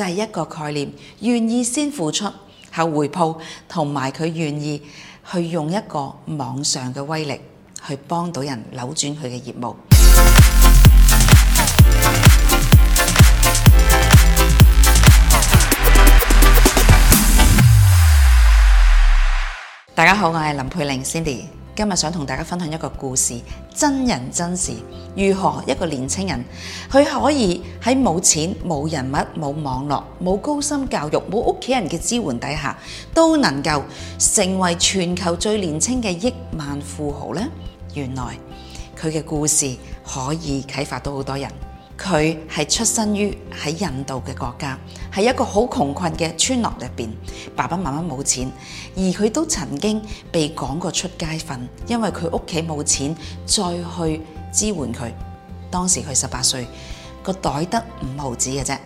就係、是，一個概念，願意先付出後回報，同埋佢願意去用一個網上嘅威力去幫到人扭轉佢嘅業務。大家好，我係林佩玲 Cindy。今日想同大家分享一個故事，真人真事，如何一個年青人，佢可以喺冇錢、冇人物、冇網絡、冇高深教育、冇屋企人嘅支援底下，都能夠成為全球最年輕嘅億萬富豪呢？原來佢嘅故事可以啟發到好多人。佢係出身於喺印度嘅國家。喺一個好窮困嘅村落入邊，爸爸媽媽冇錢，而佢都曾經被趕過出街瞓，因為佢屋企冇錢再去支援佢。當時佢十八歲，個袋得五毫子嘅啫，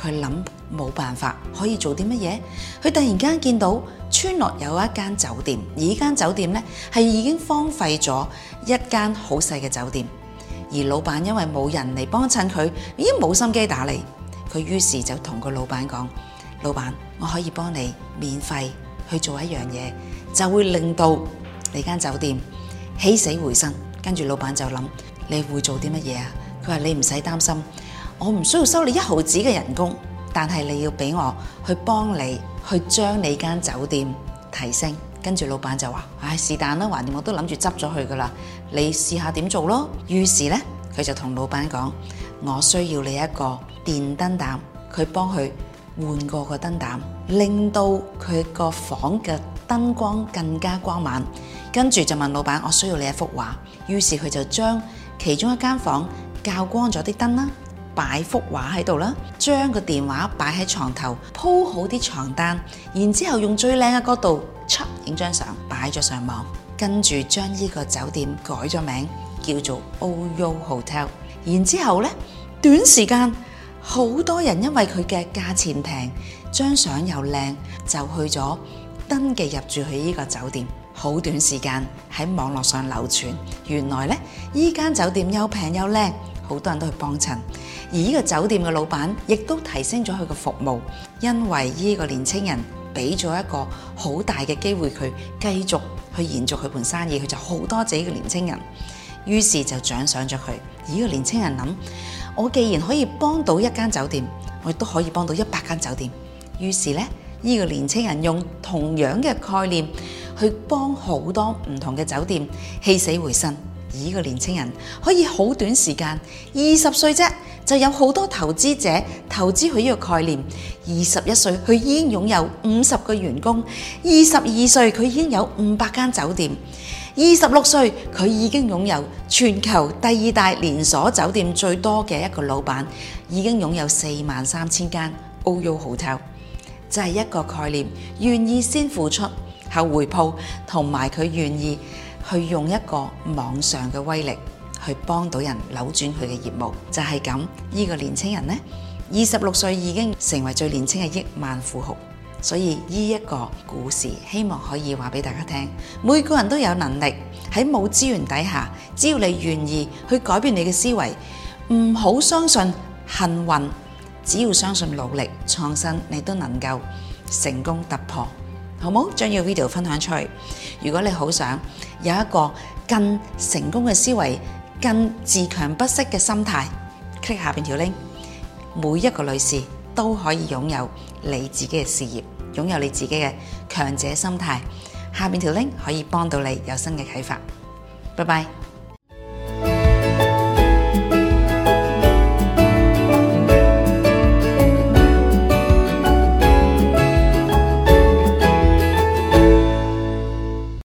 佢諗冇辦法可以做啲乜嘢？佢突然間見到村落有一間酒店，而呢間酒店呢，係已經荒廢咗一間好細嘅酒店，而老闆因為冇人嚟幫襯佢，已經冇心機打理。佢於是就同個老闆講：老闆，我可以幫你免費去做一樣嘢，就會令到你間酒店起死回生。跟住老闆就諗：你會做啲乜嘢啊？佢話：你唔使擔心，我唔需要收你一毫子嘅人工，但係你要俾我去幫你去將你間酒店提升。跟住老闆就話：唉、哎，是但啦，橫掂我都諗住執咗去㗎喇，你試下點做咯。於是呢，佢就同老闆講：我需要你一個。電燈膽，佢幫佢換過個燈膽，令到佢個房嘅燈光更加光猛。跟住就問老闆：我需要你一幅畫。於是佢就將其中一間房較光咗啲燈啦，擺幅畫喺度啦，將個電話擺喺牀頭，鋪好啲床單，然之後用最靚嘅角度，嚓影張相擺咗上網。跟住將呢個酒店改咗名叫做 OYO Hotel。然之後咧，短時間。好多人因為佢嘅價錢平，張相又靚，就去咗登記入住佢依個酒店。好短時間喺網絡上流傳，原來呢依間酒店又平又靚，好多人都去幫襯。而呢個酒店嘅老闆亦都提升咗佢嘅服務，因為依個年青人俾咗一個好大嘅機會佢繼續去延續佢盤生意，佢就好多謝呢個年青人，於是就獎賞咗佢。依個年青人諗。我既然可以幫到一間酒店，我亦都可以幫到一百間酒店。於是咧，呢、這個年青人用同樣嘅概念去幫好多唔同嘅酒店起死回生。依個年輕人可以好短時間，二十歲啫就有好多投資者投資佢呢個概念。二十一歲佢已經擁有五十個員工，二十二歲佢已經有五百間酒店，二十六歲佢已經擁有全球第二大連鎖酒店最多嘅一個老闆，已經擁有四萬三千間 OYO Hotel。就係一個概念，願意先付出後回報，同埋佢願意。去用一個網上嘅威力去幫到人扭轉佢嘅業務，就係咁。呢個年輕人呢，二十六歲已經成為最年輕嘅億萬富豪，所以呢一個故事希望可以話俾大家聽。每個人都有能力喺冇資源底下，只要你願意去改變你嘅思維，唔好相信幸運，只要相信努力創新，你都能夠成功突破。好冇？將要 video 分享出去。如果你好想有一個更成功嘅思維、更自強不息嘅心態，click 下邊條 link。每一個女士都可以擁有你自己嘅事業，擁有你自己嘅強者心態。下邊條 link 可以幫到你有新嘅啟發。拜拜。